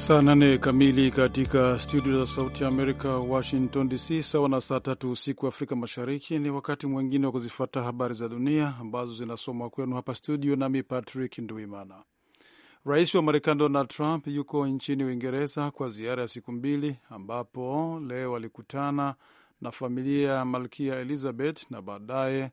Saa nane kamili katika studio za Sauti ya Amerika, Washington DC, sawa na saa tatu usiku Afrika Mashariki. Ni wakati mwingine wa kuzifata habari za dunia ambazo zinasomwa kwenu hapa studio, nami Patrick Nduimana. Rais wa Marekani Donald Trump yuko nchini Uingereza kwa ziara ya siku mbili, ambapo leo alikutana na familia ya Malkia Elizabeth na baadaye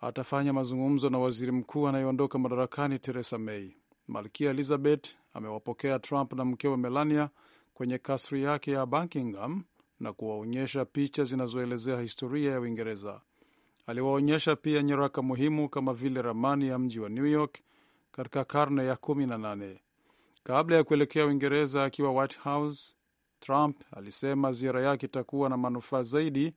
atafanya mazungumzo na waziri mkuu anayeondoka madarakani Theresa May. Malkia Elizabeth amewapokea Trump na mkewe Melania kwenye kasri yake ya Buckingham na kuwaonyesha picha zinazoelezea historia ya Uingereza. Aliwaonyesha pia nyaraka muhimu kama vile ramani ya mji wa New York katika karne ya 18. Kabla ya kuelekea Uingereza akiwa White House, Trump alisema ziara yake itakuwa na manufaa zaidi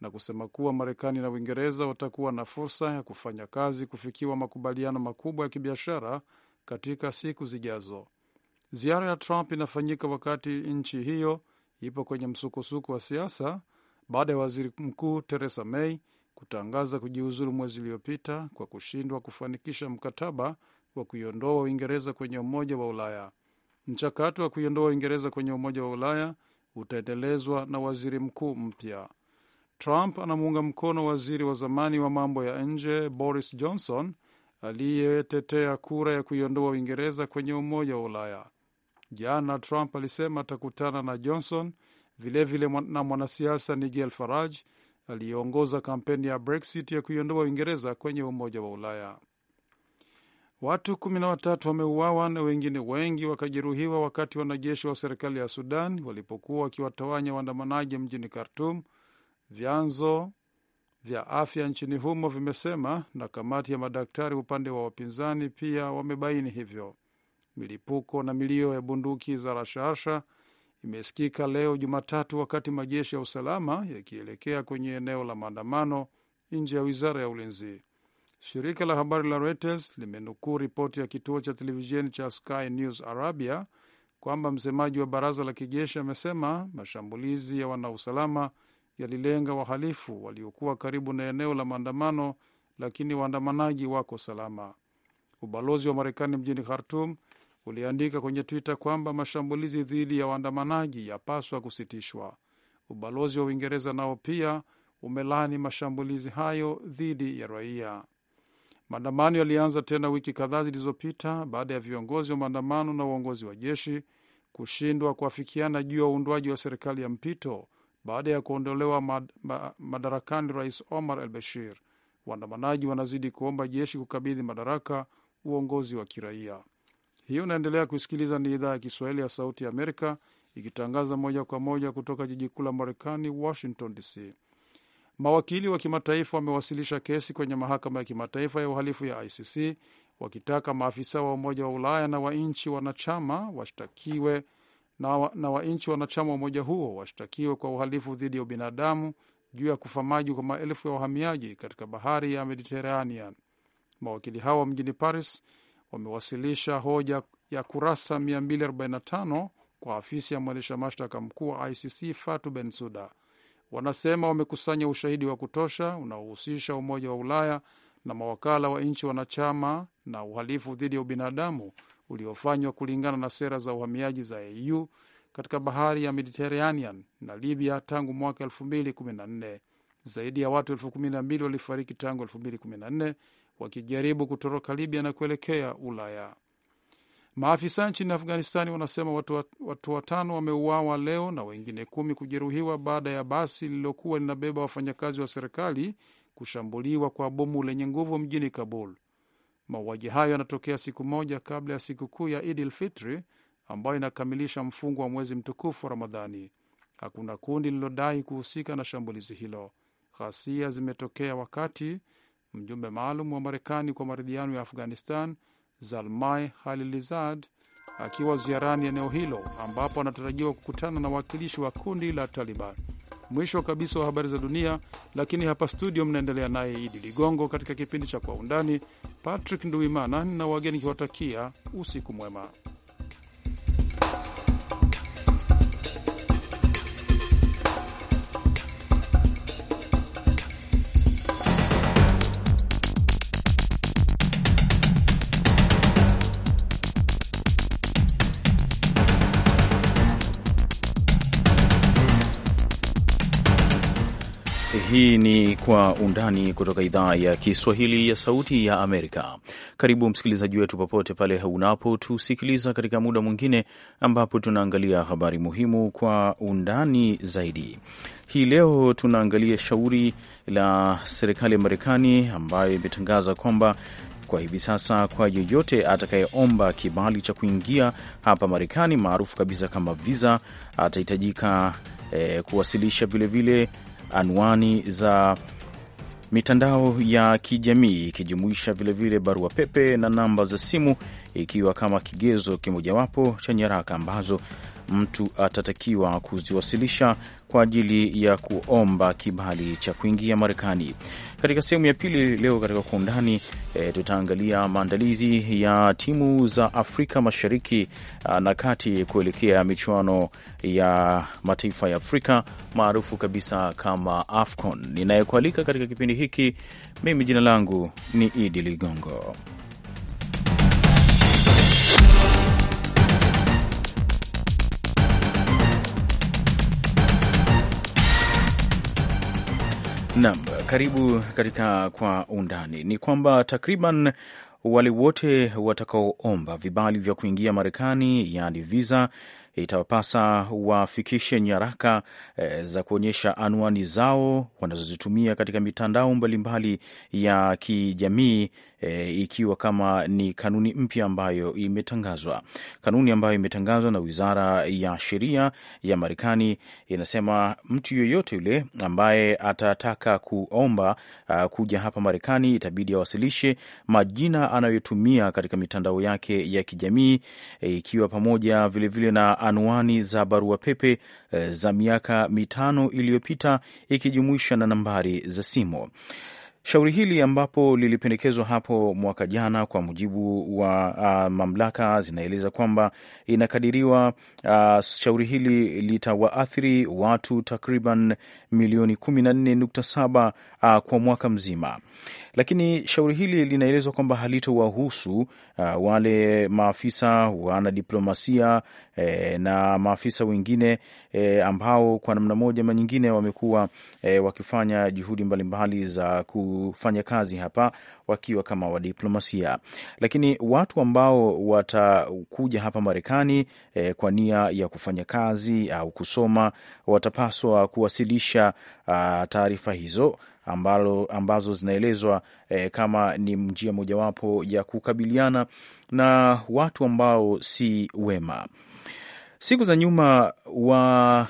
na kusema kuwa Marekani na Uingereza watakuwa na fursa ya kufanya kazi kufikiwa makubaliano makubwa ya kibiashara katika siku zijazo. Ziara ya Trump inafanyika wakati nchi hiyo ipo kwenye msukosuko wa siasa baada ya waziri mkuu Theresa May kutangaza kujiuzulu mwezi uliopita kwa kushindwa kufanikisha mkataba wa kuiondoa Uingereza kwenye Umoja wa Ulaya. Mchakato wa kuiondoa Uingereza kwenye Umoja wa Ulaya utaendelezwa na waziri mkuu mpya. Trump anamuunga mkono waziri wa zamani wa mambo ya nje Boris Johnson aliyetetea kura ya kuiondoa Uingereza kwenye Umoja wa Ulaya. Jana Trump alisema atakutana na Johnson vilevile vile na mwanasiasa Nigel Farage aliyeongoza kampeni ya Brexit ya kuiondoa Uingereza kwenye Umoja wa Ulaya. Watu kumi na watatu wameuawa na wengine wengi wakajeruhiwa wakati wanajeshi wa serikali ya Sudan walipokuwa wakiwatawanya waandamanaji mjini Khartum, vyanzo vya afya nchini humo vimesema, na kamati ya madaktari upande wa wapinzani pia wamebaini hivyo milipuko na milio ya bunduki za rashasha imesikika leo Jumatatu, wakati majeshi ya usalama yakielekea kwenye eneo la maandamano nje ya wizara ya ulinzi. Shirika la habari la Reuters limenukuu ripoti ya kituo cha televisheni cha Sky News Arabia kwamba msemaji wa baraza la kijeshi amesema mashambulizi ya wanausalama yalilenga wahalifu waliokuwa karibu na eneo la maandamano, lakini waandamanaji wako salama. Ubalozi wa Marekani mjini Khartum uliandika kwenye Twitter kwamba mashambulizi dhidi ya waandamanaji yapaswa kusitishwa. Ubalozi wa Uingereza nao pia umelani mashambulizi hayo dhidi ya raia. Maandamano yalianza tena wiki kadhaa zilizopita baada ya viongozi wa maandamano na uongozi wa jeshi kushindwa kuafikiana juu ya uundwaji wa serikali ya mpito baada ya kuondolewa mad, ma, madarakani Rais Omar al Bashir. Waandamanaji wanazidi kuomba jeshi kukabidhi madaraka uongozi wa kiraia hiyo. Unaendelea kusikiliza, ni idhaa ya Kiswahili ya Sauti ya Amerika ikitangaza moja kwa moja kutoka jiji kuu la Marekani, Washington DC. Mawakili wa kimataifa wamewasilisha kesi kwenye mahakama ya kimataifa ya uhalifu ya ICC wakitaka maafisa wa Umoja wa Ulaya na wa nchi wanachama washtakiwe na, na wa nchi wanachama wa umoja huo washtakiwe kwa uhalifu dhidi ya ubinadamu juu ya kufa maji kwa maelfu ya wahamiaji katika bahari ya Mediterranean. Mawakili hao mjini Paris wamewasilisha hoja ya kurasa 245 kwa afisi ya mwendesha mashtaka mkuu wa ICC Fatu Bensuda. Wanasema wamekusanya ushahidi wa kutosha unaohusisha Umoja wa Ulaya na mawakala wa nchi wanachama na uhalifu dhidi ya ubinadamu uliofanywa kulingana na sera za uhamiaji za EU katika bahari ya Mediterranean na Libya tangu mwaka 2014. Zaidi ya watu 12 walifariki tangu 2014 wakijaribu kutoroka Libya na kuelekea Ulaya. Maafisa nchini Afghanistani wanasema watu, watu watano wameuawa leo na wengine kumi kujeruhiwa baada ya basi lililokuwa linabeba wafanyakazi wa serikali kushambuliwa kwa bomu lenye nguvu mjini Kabul. Mauaji hayo yanatokea siku moja kabla ya sikukuu ya Idil Fitri ambayo inakamilisha mfungo wa mwezi mtukufu wa Ramadhani. Hakuna kundi lililodai kuhusika na shambulizi hilo. Ghasia zimetokea wakati Mjumbe maalum wa Marekani kwa maridhiano ya Afghanistan Zalmai halilizad akiwa ziarani eneo hilo ambapo anatarajiwa kukutana na wawakilishi wa kundi la Taliban. Mwisho kabisa wa habari za dunia, lakini hapa studio mnaendelea naye Idi Ligongo katika kipindi cha Kwa Undani. Patrick nduimana na wageni kiwatakia usiku mwema. Hii ni Kwa Undani kutoka idhaa ya Kiswahili ya Sauti ya Amerika. Karibu msikilizaji wetu popote pale unapotusikiliza katika muda mwingine ambapo tunaangalia habari muhimu kwa undani zaidi. Hii leo tunaangalia shauri la serikali ya Marekani ambayo imetangaza kwamba kwa hivi sasa kwa yeyote atakayeomba kibali cha kuingia hapa Marekani maarufu kabisa kama visa atahitajika E, kuwasilisha vilevile anwani za mitandao ya kijamii ikijumuisha vilevile barua pepe na namba za simu, ikiwa kama kigezo kimojawapo cha nyaraka ambazo mtu atatakiwa kuziwasilisha kwa ajili ya kuomba kibali cha kuingia Marekani. Katika sehemu ya pili leo katika kwa undani e, tutaangalia maandalizi ya timu za Afrika Mashariki na Kati kuelekea michuano ya mataifa ya Afrika maarufu kabisa kama AFCON. Ninayekualika katika kipindi hiki mimi jina langu ni Idi Ligongo. Nam, karibu katika Kwa Undani. Ni kwamba takriban wale wote watakaoomba vibali vya kuingia Marekani, yaani visa itawapasa wafikishe nyaraka e, za kuonyesha anwani zao wanazozitumia katika mitandao mbalimbali ya kijamii e, ikiwa kama ni kanuni mpya ambayo imetangazwa. Kanuni ambayo imetangazwa na Wizara ya Sheria ya Marekani inasema mtu yoyote yule ambaye atataka kuomba a, e, kuja hapa Marekani itabidi awasilishe majina anayotumia katika mitandao yake ya kijamii e, ikiwa pamoja vilevile vile na anwani za barua pepe eh, za miaka mitano iliyopita ikijumuisha na nambari za simu. Shauri hili ambapo lilipendekezwa hapo mwaka jana, kwa mujibu wa uh, mamlaka zinaeleza kwamba inakadiriwa uh, shauri hili litawaathiri watu takriban milioni 14.7 ah, kwa mwaka mzima. Lakini shauri hili linaelezwa kwamba halitowahusu uh, wale maafisa wanadiplomasia eh, na maafisa wengine eh, ambao kwa namna moja ama nyingine wamekuwa eh, wakifanya juhudi mbalimbali za kufanya kazi hapa wakiwa kama wadiplomasia, lakini watu ambao watakuja hapa Marekani eh, kwa nia ya kufanya kazi au kusoma watapaswa kuwasilisha uh, taarifa hizo ambalo, ambazo zinaelezwa eh, kama ni njia mojawapo ya kukabiliana na watu ambao si wema. Siku za nyuma wa,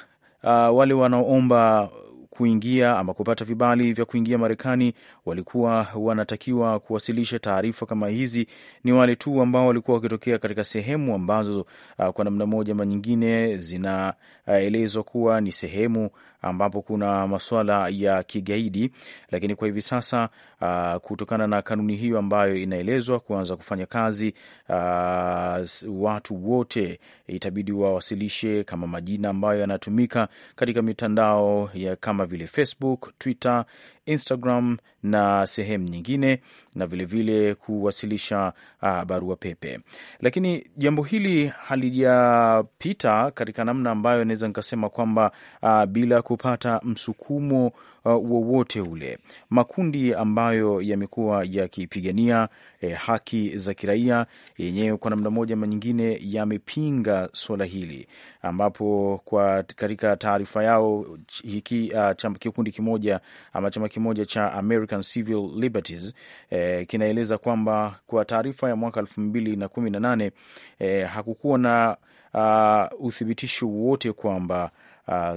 uh, wale wanaoomba kuingia ama kupata vibali vya kuingia Marekani walikuwa wanatakiwa kuwasilisha taarifa kama hizi. Ni wale tu ambao walikuwa wakitokea katika sehemu ambazo uh, kwa namna moja ama nyingine zinaelezwa uh, kuwa ni sehemu ambapo kuna masuala ya kigaidi, lakini kwa hivi sasa uh, kutokana na kanuni hiyo ambayo inaelezwa kuanza kufanya kazi uh, watu wote itabidi wawasilishe kama majina ambayo yanatumika katika mitandao ya kama vile Facebook, Twitter, Instagram na sehemu nyingine na vilevile vile kuwasilisha uh, barua pepe, lakini jambo hili halijapita katika namna ambayo naweza nikasema kwamba uh, bila ku kupata msukumo uh, wowote ule. Makundi ambayo yamekuwa yakipigania eh, haki za kiraia yenyewe kwa namna moja ama nyingine yamepinga suala hili, ambapo kwa katika taarifa yao hiki uh, kikundi kimoja ama chama kimoja cha American Civil Liberties eh, kinaeleza kwamba kwa taarifa ya mwaka elfu mbili na kumi na nane eh, hakukuwa na uh, uthibitisho wote kwamba uh,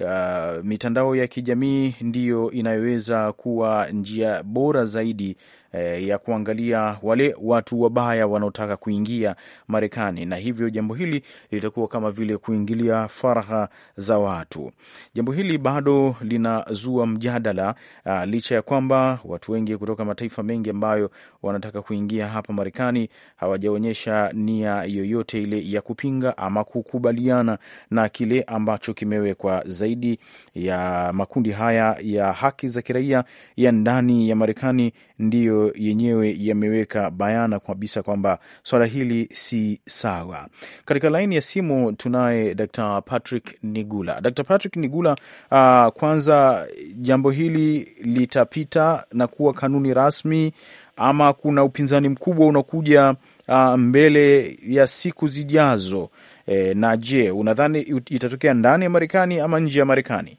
uh, mitandao ya kijamii ndiyo inayoweza kuwa njia bora zaidi eh, ya kuangalia wale watu wabaya wanaotaka kuingia Marekani, na hivyo jambo hili litakuwa kama vile kuingilia faragha za watu. Jambo hili bado linazua mjadala uh, licha ya kwamba watu wengi kutoka mataifa mengi ambayo wanataka kuingia hapa Marekani hawajaonyesha nia yoyote ile ya kupinga ama kukubaliana na kile ambacho kimewekwa. Zaidi ya makundi haya ya haki za kiraia ya ndani ya Marekani ndiyo yenyewe yameweka bayana kabisa kwamba swala hili si sawa. Katika laini ya simu tunaye Dr. Patrick Nigula. Dr. Patrick Nigula, uh, kwanza jambo hili litapita na kuwa kanuni rasmi ama kuna upinzani mkubwa unakuja uh, mbele ya siku zijazo? E, na je, unadhani itatokea ndani ya Marekani ama nje ya Marekani?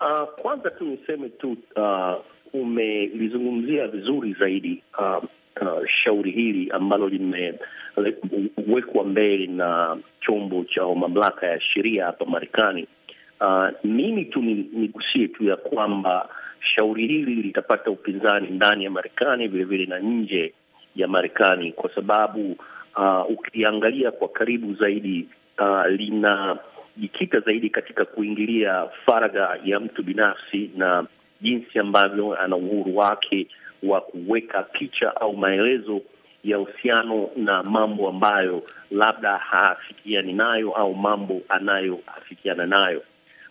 Uh, kwanza tu niseme tu uh, umelizungumzia vizuri zaidi uh, uh, shauri hili ambalo limewekwa mbele na chombo cha mamlaka ya sheria hapa Marekani. Uh, mimi tu nigusie tu ya kwamba shauri hili litapata upinzani ndani ya Marekani vilevile na nje ya Marekani kwa sababu uh, ukiangalia kwa karibu zaidi uh, linajikita zaidi katika kuingilia faragha ya mtu binafsi na jinsi ambavyo ana uhuru wake wa kuweka picha au maelezo ya uhusiano na mambo ambayo labda haafikiani nayo au mambo anayoafikiana nayo.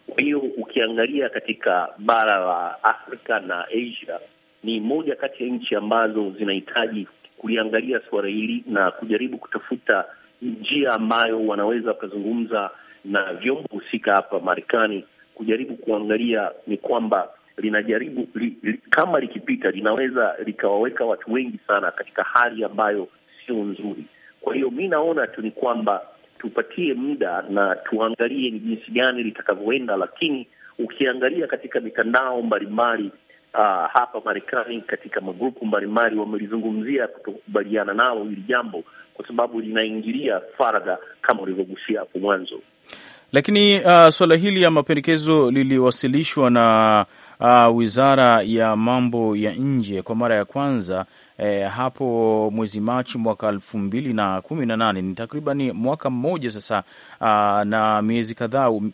Kwa hiyo ukiangalia katika bara la Afrika na Asia, ni moja kati ya nchi ambazo zinahitaji kuliangalia suala hili na kujaribu kutafuta njia ambayo wanaweza wakazungumza na vyombo husika hapa Marekani, kujaribu kuangalia ni kwamba linajaribu li, li, kama likipita linaweza likawaweka watu wengi sana katika hali ambayo sio nzuri. Kwa hiyo mi naona tu ni kwamba tupatie muda na tuangalie ni jinsi gani litakavyoenda, lakini ukiangalia katika mitandao mbalimbali Uh, hapa Marekani katika magrupu mbalimbali wamelizungumzia kutokubaliana nalo hili jambo, kwa sababu linaingilia faragha kama ulivyogusia hapo mwanzo. Lakini uh, ah, suala hili ya mapendekezo liliwasilishwa na uh, wizara ya mambo ya nje kwa mara ya kwanza eh, hapo mwezi Machi mwaka elfu mbili na kumi na nane. Ni takribani mwaka mmoja sasa, uh, na miezi kadhaa um,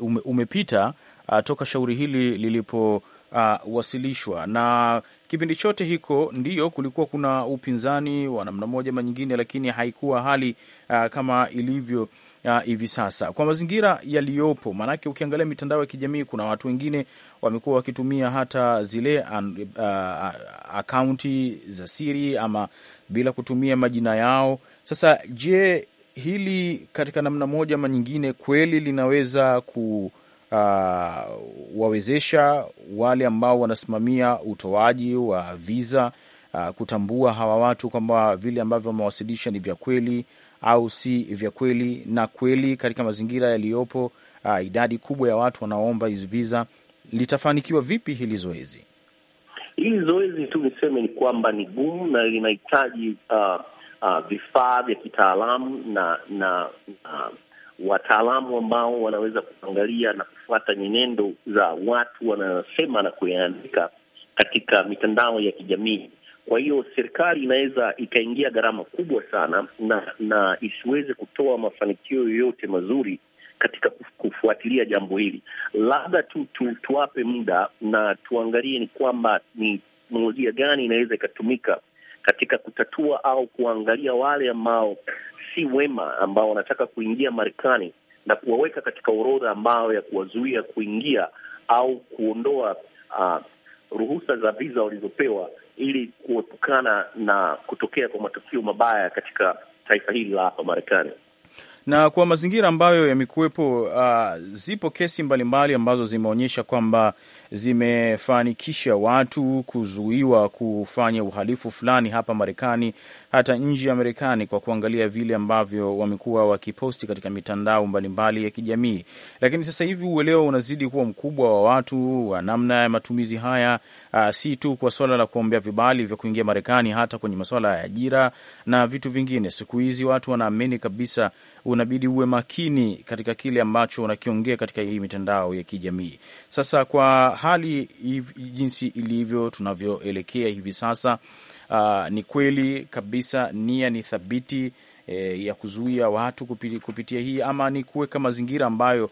ume, umepita uh, toka shauri hili lilipo Uh, wasilishwa na kipindi chote hiko ndiyo kulikuwa kuna upinzani wa namna moja ama nyingine, lakini haikuwa hali uh, kama ilivyo hivi uh, sasa kwa mazingira yaliyopo. Maanake ukiangalia mitandao ya kijamii, kuna watu wengine wamekuwa wakitumia hata zile uh, uh, akaunti za siri ama bila kutumia majina yao. Sasa je, hili katika namna moja ama nyingine kweli linaweza ku uh, wawezesha wale ambao wanasimamia utoaji wa viza uh, kutambua hawa watu kwamba vile ambavyo wamewasilisha ni vya kweli au si vya kweli, na kweli katika mazingira yaliyopo, uh, idadi kubwa ya watu wanaoomba hizi visa, litafanikiwa vipi hili zoezi? Hili zoezi tu niseme ni kwamba ni gumu na linahitaji uh, uh, vifaa vya kitaalamu na na uh, wataalamu ambao wanaweza kuangalia na kufuata nyenendo za watu wanayosema na kuyaandika katika mitandao ya kijamii kwa hiyo serikali inaweza ikaingia gharama kubwa sana na na isiweze kutoa mafanikio yoyote mazuri katika kufuatilia jambo hili. Labda tu, tu tuwape muda na tuangalie ni kwamba ni teknolojia gani inaweza ikatumika katika kutatua au kuangalia wale ambao si wema ambao wanataka kuingia Marekani na kuwaweka katika orodha ambayo ya kuwazuia kuingia au kuondoa uh, ruhusa za viza walizopewa ili kuepukana na kutokea kwa matukio mabaya katika taifa hili la hapa Marekani na kwa mazingira ambayo yamekuwepo, uh, zipo kesi mbalimbali mbali ambazo zimeonyesha kwamba zimefanikisha watu kuzuiwa kufanya uhalifu fulani hapa Marekani, hata nje ya Marekani, kwa kuangalia vile ambavyo wamekuwa wakiposti katika mitandao mbalimbali mbali ya kijamii. Lakini sasa hivi uelewa unazidi kuwa mkubwa wa watu wa namna ya matumizi haya, uh, si tu kwa swala la kuombea vibali vya kuingia Marekani, hata kwenye masuala ya ajira na vitu vingine. Siku hizi watu wanaamini kabisa una unabidi uwe makini katika kile ambacho unakiongea katika hii mitandao ya kijamii. Sasa kwa hali jinsi ilivyo, tunavyoelekea hivi sasa, uh, ni kweli kabisa nia ni thabiti eh, ya kuzuia watu kupitia, kupitia hii ama ni kuweka mazingira ambayo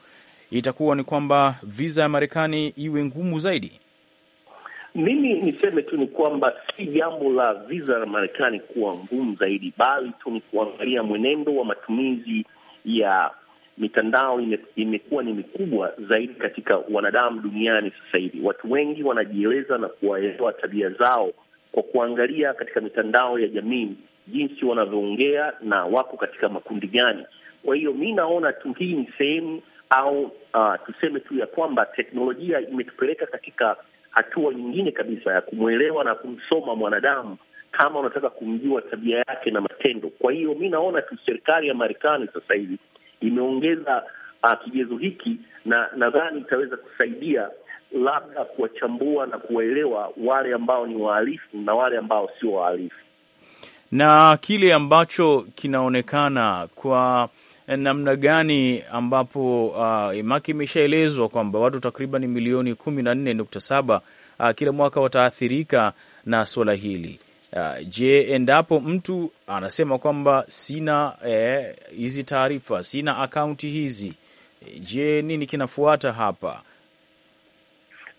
itakuwa ni kwamba viza ya Marekani iwe ngumu zaidi. Mimi niseme tu ni kwamba si jambo la viza la Marekani kuwa ngumu zaidi, bali tu ni kuangalia mwenendo wa matumizi ya mitandao imekuwa ni mikubwa zaidi katika wanadamu duniani sasa hivi. Watu wengi wanajieleza na kuwaelewa tabia zao kwa kuangalia katika mitandao ya jamii jinsi wanavyoongea na wako katika makundi gani. Kwa hiyo mi naona tu hii ni sehemu au uh, tuseme tu ya kwamba teknolojia imetupeleka katika hatua nyingine kabisa ya kumwelewa na kumsoma mwanadamu kama unataka kumjua tabia yake na matendo. Kwa hiyo mi naona tu serikali ya Marekani sasa hivi imeongeza uh, kigezo hiki, na nadhani itaweza kusaidia labda kuwachambua na kuwaelewa wale ambao ni wahalifu na wale ambao sio wahalifu, na kile ambacho kinaonekana kwa eh, namna gani ambapo uh, maki imeshaelezwa kwamba watu takriban milioni kumi na nne nukta saba uh, kila mwaka wataathirika na suala hili. Uh, je, endapo mtu anasema kwamba sina eh, hizi taarifa sina akaunti hizi, eh, je, nini kinafuata hapa?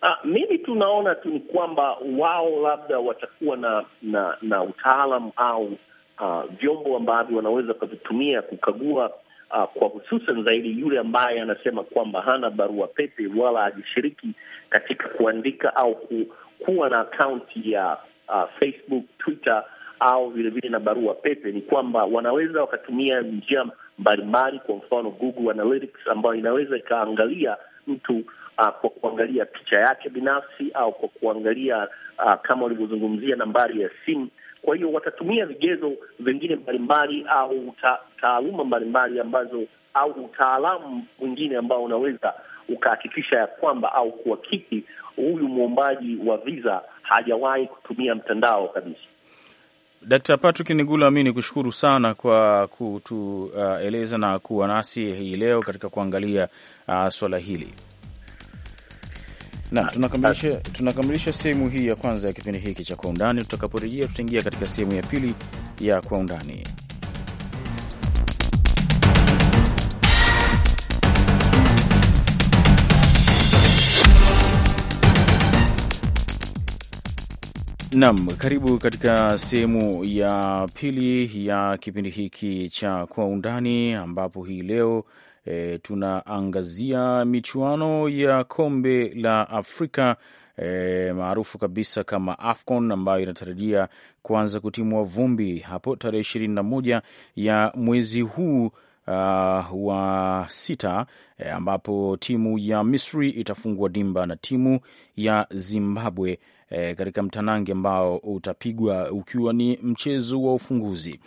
Ah, mimi tunaona tu ni kwamba wao labda watakuwa na na, na utaalam au ah, vyombo ambavyo wanaweza wakavitumia kukagua ah, kwa hususan zaidi yule ambaye anasema kwamba hana barua pepe wala hajishiriki katika kuandika au ku, kuwa na akaunti ya uh, Facebook, Twitter au vilevile na barua pepe, ni kwamba wanaweza wakatumia njia mbalimbali, kwa mfano Google Analytics ambayo inaweza ikaangalia mtu uh, kwa kuangalia picha yake binafsi au kwa kuangalia uh, kama walivyozungumzia nambari ya simu. Kwa hiyo watatumia vigezo vingine mbalimbali au ta, taaluma mbalimbali ambazo au utaalamu mwingine ambao unaweza ukahakikisha ya kwamba au kuhakiki huyu mwombaji wa visa hajawahi kutumia mtandao kabisa. Dkt. Patrick Nigula, mi ni kushukuru sana kwa kutueleza uh, na kuwa nasi hii leo katika kuangalia uh, swala hili na tunakamilisha, tunakamilisha sehemu hii ya kwanza ya kipindi hiki cha Kwa Undani. Tutakaporejea tutaingia katika sehemu ya pili ya Kwa Undani. nam karibu katika sehemu ya pili ya kipindi hiki cha Kwa Undani, ambapo hii leo e, tunaangazia michuano ya kombe la Afrika e, maarufu kabisa kama AFCON ambayo inatarajia kuanza kutimua vumbi hapo tarehe ishirini na moja ya mwezi huu Uh, wa sita eh, ambapo timu ya Misri itafungua dimba na timu ya Zimbabwe Eh, katika mtanange ambao utapigwa ukiwa ni mchezo wa ufunguzi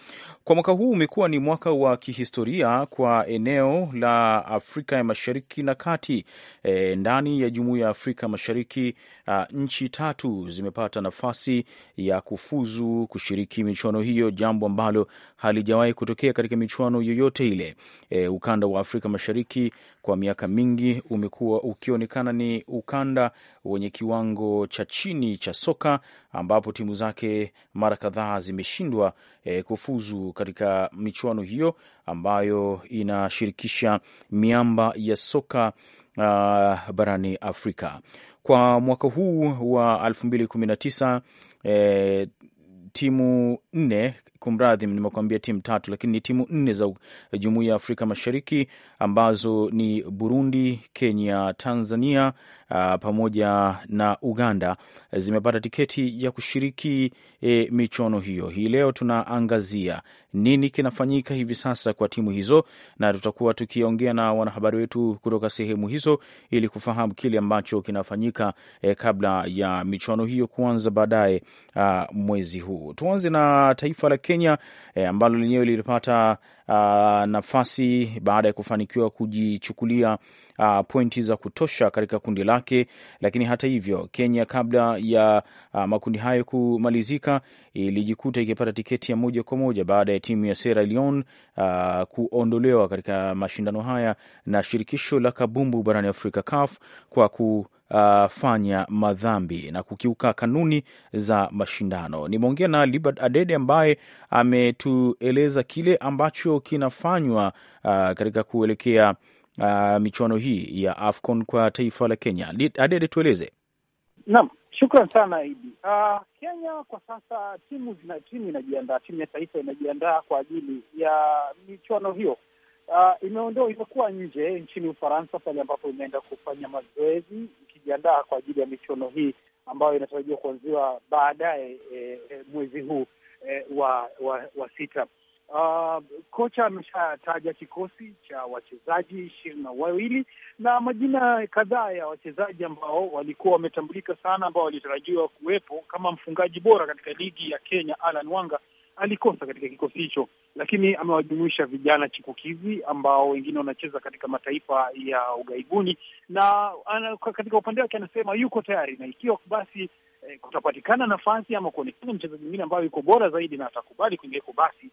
kwa mwaka huu umekuwa ni mwaka wa kihistoria kwa eneo la Afrika ya Mashariki na Kati. E, ndani ya Jumuiya ya Afrika Mashariki a, nchi tatu zimepata nafasi ya kufuzu kushiriki michuano hiyo, jambo ambalo halijawahi kutokea katika michuano yoyote ile. E, ukanda wa Afrika Mashariki kwa miaka mingi umekuwa ukionekana ni ukanda wenye kiwango cha chini cha soka ambapo timu zake mara kadhaa zimeshindwa e, kufuzu katika michuano hiyo ambayo inashirikisha miamba ya soka uh, barani Afrika kwa mwaka huu wa 2019 eh, timu nne kumradhi, nimekuambia timu tatu, lakini ni timu nne za Jumuiya ya Afrika Mashariki ambazo ni Burundi, Kenya, Tanzania uh, pamoja na Uganda zimepata tiketi ya kushiriki e, michuano hiyo. Hii leo tunaangazia nini kinafanyika hivi sasa kwa timu hizo, na tutakuwa tukiongea na wanahabari wetu kutoka sehemu hizo ili kufahamu kile ambacho kinafanyika e, kabla ya michuano hiyo kuanza baadaye ah, mwezi huu. Tuanze na taifa la Kenya e, ambalo lenyewe lilipata uh, nafasi baada ya kufanikiwa kujichukulia uh, pointi za kutosha katika kundi lake. Lakini hata hivyo, Kenya kabla ya uh, makundi hayo kumalizika ilijikuta ikipata tiketi ya moja kwa moja baada ya timu ya Sierra Leone uh, kuondolewa katika mashindano haya na shirikisho la kabumbu barani Afrika CAF kwa ku uh, fanya madhambi na kukiuka kanuni za mashindano. Nimeongea na Libert Adede ambaye ametueleza kile ambacho kinafanywa uh, katika kuelekea uh, michuano hii ya AFCON kwa taifa la Kenya. Adede, tueleze. Naam, shukran sana Idi. Uh, Kenya kwa sasa timu zina timu inajiandaa, timu ya taifa inajiandaa kwa ajili ya michuano hiyo uh, imeondoa imekuwa nje nchini Ufaransa pale ambapo imeenda kufanya mazoezi ikijiandaa kwa ajili ya michuano hii ambayo inatarajiwa kuanziwa baadaye e, e, mwezi huu e, wa, wa wa sita. Uh, kocha ameshataja kikosi cha wachezaji ishirini na wawili na majina kadhaa ya wachezaji ambao walikuwa wametambulika sana ambao walitarajiwa kuwepo kama mfungaji bora katika ligi ya Kenya Alan Wanga alikosa katika kikosi hicho, lakini amewajumuisha vijana chikukizi ambao wengine wanacheza katika mataifa ya ughaibuni, na ana, katika upande wake anasema yuko tayari na ikiwa basi eh, kutapatikana nafasi ama kuonekana mchezaji mwingine ambayo yuko bora zaidi na atakubali huko, basi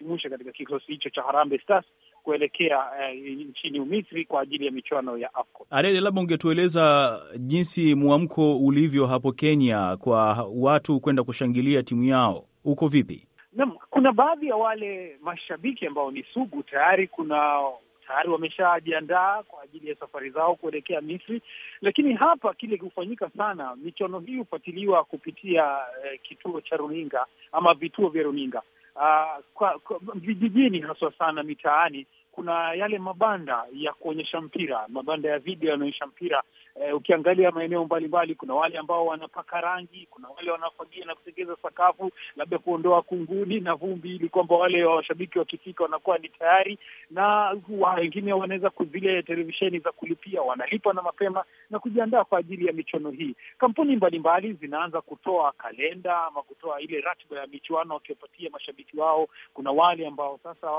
jumuisha katika kikosi hicho cha Harambee Stars kuelekea eh, nchini Umisri kwa ajili ya michuano ya AFCON. Arede, labda ungetueleza jinsi mwamko ulivyo hapo Kenya kwa watu kwenda kushangilia timu yao, uko vipi? na kuna baadhi ya wale mashabiki ambao ni sugu tayari, kuna tayari wameshajiandaa kwa ajili ya safari zao kuelekea Misri. Lakini hapa kile hufanyika sana, michuano hii hufuatiliwa kupitia eh, kituo cha runinga ama vituo vya runinga uh, kwa, kwa vijijini haswa sana mitaani kuna yale mabanda ya kuonyesha mpira, mabanda ya video yanaonyesha mpira Eh, ukiangalia maeneo mbalimbali, kuna wale ambao wanapaka rangi, kuna wale wanafagia na kutegeza sakafu, labda kuondoa kunguni na vumbi, ili kwamba wale washabiki wakifika wanakuwa ni tayari, na wengine wanaweza kuzile televisheni za kulipia, wanalipa na mapema na kujiandaa kwa ajili ya michuano hii. Kampuni mbalimbali mbali zinaanza kutoa kalenda ama kutoa ile ratiba ya michuano wakiwapatia mashabiki wao. Kuna wale ambao sasa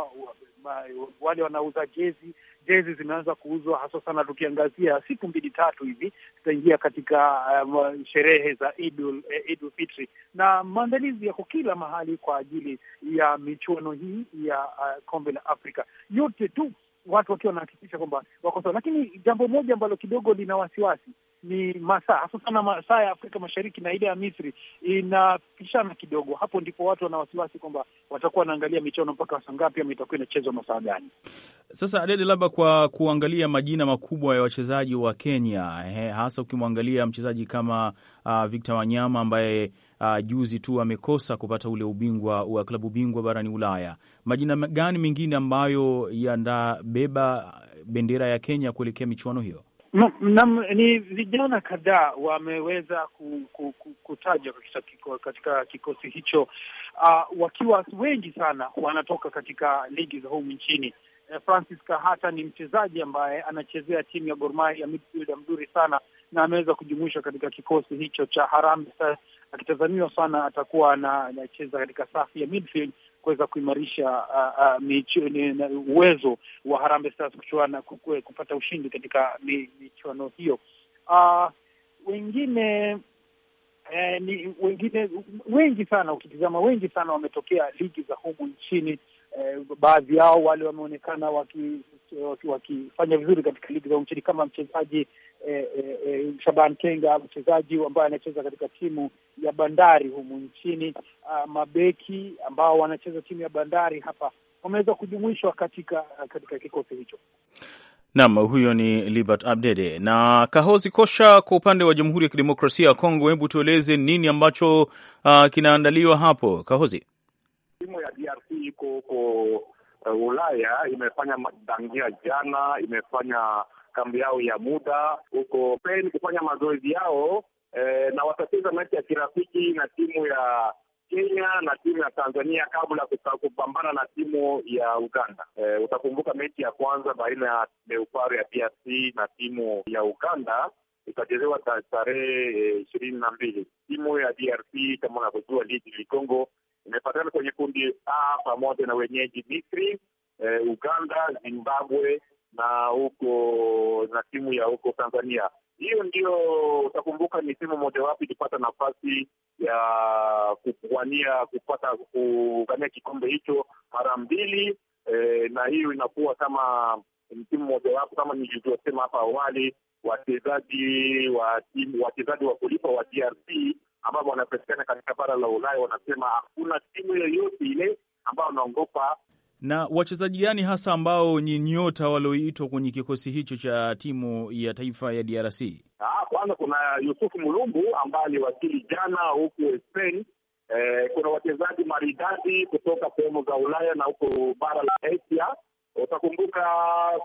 wale wanauza jezi, jezi zimeanza kuuzwa, hasa sana tukiangazia siku mbili tatu hivi tutaingia katika uh, sherehe za Idul eh, Idul Fitri na maandalizi yako kila mahali kwa ajili ya michuano hii ya uh, kombe la Afrika yote tu watu wakiwa wanahakikisha kwamba wako sawa, lakini jambo moja ambalo kidogo lina wasiwasi ni masaa hasa masaa ya Afrika Mashariki na ile ya Misri inapishana kidogo. Hapo ndipo watu wana wasiwasi kwamba watakuwa wanaangalia michuano mpaka saa ngapi ama itakuwa inachezwa masaa gani. Sasa Adede, labda kwa kuangalia majina makubwa ya wachezaji wa Kenya, he, hasa ukimwangalia mchezaji kama uh, Victor Wanyama ambaye Uh, juzi tu amekosa kupata ule ubingwa wa klabu bingwa barani Ulaya. Majina gani mengine ambayo yanabeba bendera ya Kenya kuelekea michuano hiyo? Naam, ni vijana kadhaa wameweza kutajwa katika kikosi hicho uh, wakiwa wengi sana wanatoka katika ligi za humu nchini. Eh, Francis Kahata ni mchezaji ambaye anachezea timu ya Gor Mahia midfielder mzuri sana na ameweza kujumuishwa katika kikosi hicho cha Harambee Stars, akitazamiwa sana atakuwa anacheza katika safu ya midfield kuweza kuimarisha uh, uh, uwezo wa Harambee Stars kuchuana kukwe, kupata ushindi katika michuano hiyo. Uh, wengine eh, ni wengine wengi sana, ukitizama wengi sana wametokea ligi za humu nchini. Eh, baadhi yao wale wameonekana wakifanya waki, waki, vizuri katika ligi za nchini kama mchezaji Eh, eh, eh, Shaban Kenga, mchezaji ambaye anacheza katika timu ya Bandari humu nchini. Uh, mabeki ambao wanacheza timu ya Bandari hapa wameweza kujumuishwa katika katika kikosi hicho. Naam, huyo ni Libert Abdede na Kahozi Kosha. Kwa upande wa Jamhuri ya Kidemokrasia ya Kongo, hebu tueleze nini ambacho uh, kinaandaliwa hapo Kahozi? Timu ya DRC iko huko eh, Ulaya, imefanya dangia jana, imefanya kambi yao ya muda huko Spain kufanya mazoezi yao e, na watacheza mechi ya kirafiki na timu ya Kenya na timu ya Tanzania kabla kupambana na timu ya Uganda. E, utakumbuka mechi ya kwanza baina ya Leopard ya DRC na timu ya Uganda itachezewa tarehe eh, ishirini na mbili. Timu ya DRC kama unavyojua ligi Likongo imepatana imepatikana kwenye kundi A pamoja na wenyeji Misri, e, Uganda, Zimbabwe na huko na timu ya huko Tanzania. Hiyo ndio utakumbuka, ni timu mojawapo ilipata nafasi ya kuwania kupata kugania kikombe hicho mara mbili e, na hiyo inakuwa kama timu mojawapo kama nilivyosema hapa awali, wachezaji wa timu wachezaji wa kulipa wa DRC ambao wanapatikana katika bara la Ulaya wanasema hakuna timu yoyote ile ambayo wanaongopa na wachezaji gani hasa ambao ni nyota walioitwa kwenye kikosi hicho cha timu ya taifa ya DRC? Ah, kwanza kuna Yusufu Mulumbu ambaye aliwasili jana huku Spain. E, kuna wachezaji maridadi kutoka sehemu za Ulaya na huku bara la Asia. Utakumbuka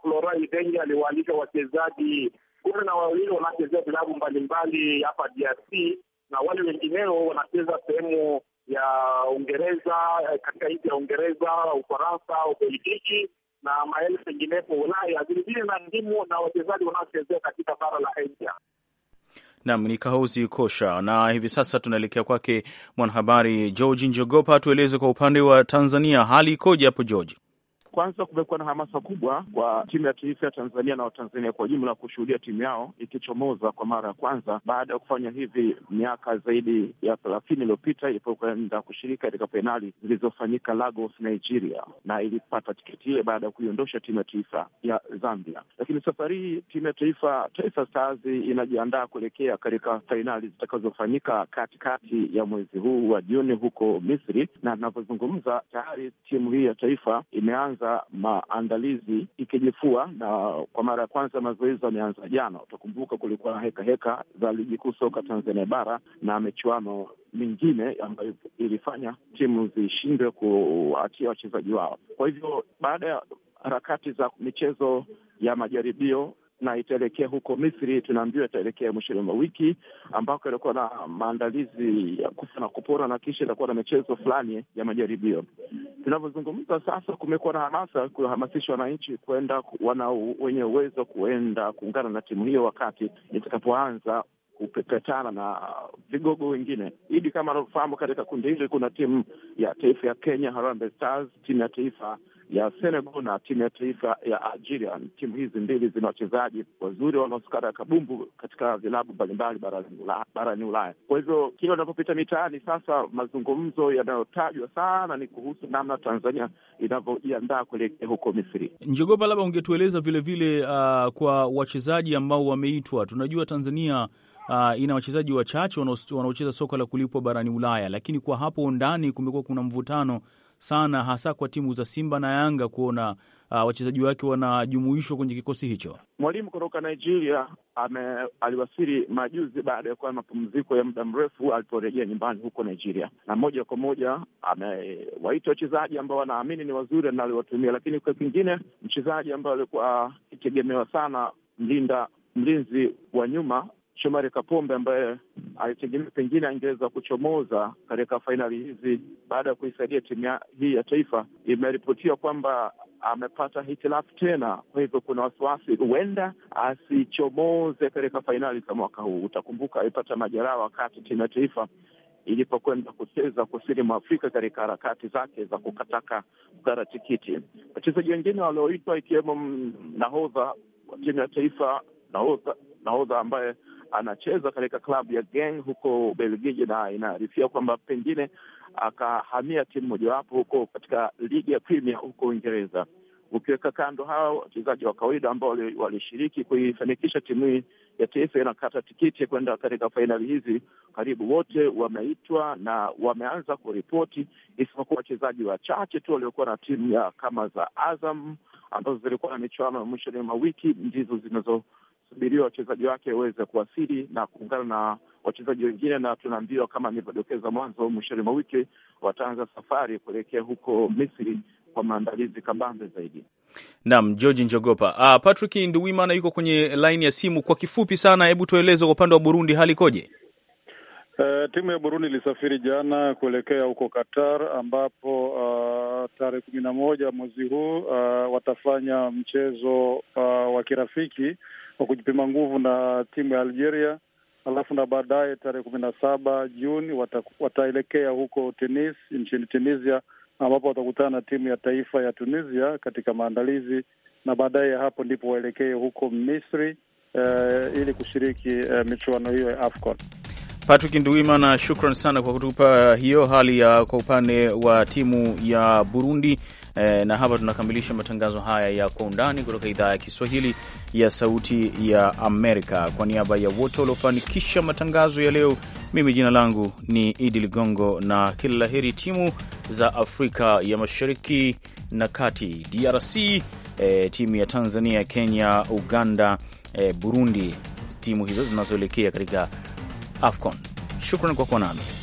Florent Ibenge aliwaalika wachezaji kumi na wawili wanachezea vilabu mbalimbali hapa DRC na wale wengineo wanacheza sehemu ya Uingereza, eh, katika nchi ya Uingereza, Ufaransa, Ubelgiji na maelfu menginepo Ulaya, vilevile na timu na wachezaji wanaochezea katika bara la Asia. Nam ni Kahozi Kosha, na hivi sasa tunaelekea kwake mwanahabari George Njogopa, tueleze kwa upande wa Tanzania hali ikoje hapo George? Kwanza kumekuwa na hamasa kubwa kwa timu ya taifa ya Tanzania na Watanzania kwa jumla kushuhudia timu yao ikichomoza kwa mara ya kwanza baada ya kufanya hivi miaka zaidi ya thelathini iliyopita ilipokwenda kushiriki katika fainali zilizofanyika Lagos, Nigeria, na ilipata tiketi ile baada ya kuiondosha timu ya taifa ya Zambia. Lakini safari hii timu ya taifa Taifa Stars inajiandaa kuelekea katika fainali zitakazofanyika katikati ya mwezi huu wa Juni huko Misri, na inavyozungumza tayari timu hii ya taifa imeanza kuanza maandalizi ikijifua, na kwa mara ya kwanza mazoezi yameanza jana. Utakumbuka kulikuwa na heka heka za ligi kuu soka Tanzania bara na michuano mingine ambayo ilifanya timu zishindwe kuachia wachezaji wao. Kwa hivyo baada ya harakati za michezo ya majaribio na itaelekea huko Misri. Tunaambiwa itaelekea mwishoni mwa wiki ambako itakuwa na maandalizi ya kufa na kupora, na kisha itakuwa na michezo fulani ya majaribio. Tunavyozungumza sasa, kumekuwa na hamasa kuhamasisha wananchi kwenda, wana wenye uwezo kuenda kuungana na timu hiyo wakati itakapoanza kupepetana na vigogo wengine. Idi, kama anavyofahamu, katika kundi hili kuna timu ya taifa ya Kenya Harambee Stars, timu ya taifa ya Senegal na timu ya taifa ya Algeria. Timu hizi mbili zina wachezaji wazuri wanaosukara kabumbu katika vilabu mbalimbali barani Ulaya. Kwa hivyo kila unapopita mitaani sasa, mazungumzo yanayotajwa sana ni kuhusu namna Tanzania inavyojiandaa kuelekea huko Misri. Njogopa, labda ungetueleza vilevile uh, kwa wachezaji ambao wameitwa. Tunajua Tanzania Uh, ina wachezaji wachache wanaocheza soka la kulipwa barani Ulaya, lakini kwa hapo ndani kumekuwa kuna mvutano sana, hasa kwa timu za Simba na Yanga kuona uh, wachezaji wake wanajumuishwa kwenye kikosi hicho. Mwalimu kutoka Nigeria ame, aliwasili majuzi baada ya kuwa mapumziko ya muda mrefu aliporejea nyumbani huko Nigeria, na moja kwa moja amewaita wachezaji ambao wanaamini ni wazuri na aliwatumia, lakini kwa kingine mchezaji ambaye alikuwa akitegemewa sana mlinda mlinzi wa nyuma Shomari Kapombe ambaye alitegemea pengine angeweza kuchomoza katika fainali hizi baada ya kuisaidia timu hii ya taifa, imeripotiwa kwamba amepata hitilafu tena. Kwa hivyo kuna wasiwasi huenda asichomoze katika fainali za mwaka huu. Utakumbuka alipata majeraha wakati timu ya taifa ilipokwenda kucheza kusini mwa Afrika katika harakati zake za kukataka kukata tikiti. Wachezaji wengine walioitwa ikiwemo nahodha wa timu ya taifa nahodha, nahodha ambaye anacheza katika klabu ya Genk huko Ubelgiji, na inaarifia kwamba pengine akahamia timu mojawapo huko katika ligi ya Premier huko Uingereza. Ukiweka kando hao wachezaji wa kawaida ambao walishiriki kuifanikisha timu hii ya taifa inakata tikiti kwenda katika fainali hizi, karibu wote wameitwa na wameanza kuripoti, isipokuwa wachezaji wachache tu waliokuwa na timu ya kama za Azam ambazo zilikuwa na michuano ya mwishoni mwa wiki ndizo zinazo wanasubiria wachezaji wake waweze kuwasili na kuungana na wachezaji wengine, na tunaambiwa kama nilivyodokeza mwanzo, mwishoni mwa wiki wataanza safari kuelekea huko Misri kwa maandalizi kabambe zaidi. Naam, George Njogopa. Ah, Patrick Nduwimana yuko kwenye laini ya simu. Kwa kifupi sana, hebu tueleze kwa upande wa Burundi hali ikoje? Uh, timu ya Burundi ilisafiri jana kuelekea huko Qatar ambapo uh, tarehe kumi na moja mwezi huu uh, watafanya mchezo uh, wa kirafiki wa kujipima nguvu na timu ya Algeria, alafu na baadaye tarehe kumi na saba Juni wataelekea huko Tunis, nchini Tunisia, ambapo watakutana na timu ya taifa ya Tunisia katika maandalizi, na baadaye hapo ndipo waelekee huko Misri uh, ili kushiriki uh, michuano hiyo ya AFCON. Patrick Nduwimana, shukran sana kwa kutupa hiyo hali ya kwa upande wa timu ya Burundi eh, na hapa tunakamilisha matangazo haya ya kwa undani kutoka idhaa ya Kiswahili ya Sauti ya Amerika. Kwa niaba ya wote waliofanikisha matangazo ya leo, mimi jina langu ni Idi Ligongo na kila la heri timu za Afrika ya Mashariki na Kati, DRC, eh, timu ya Tanzania, Kenya, Uganda, eh, Burundi, timu hizo zinazoelekea katika AFCON. Shukran kwa kuwa nami.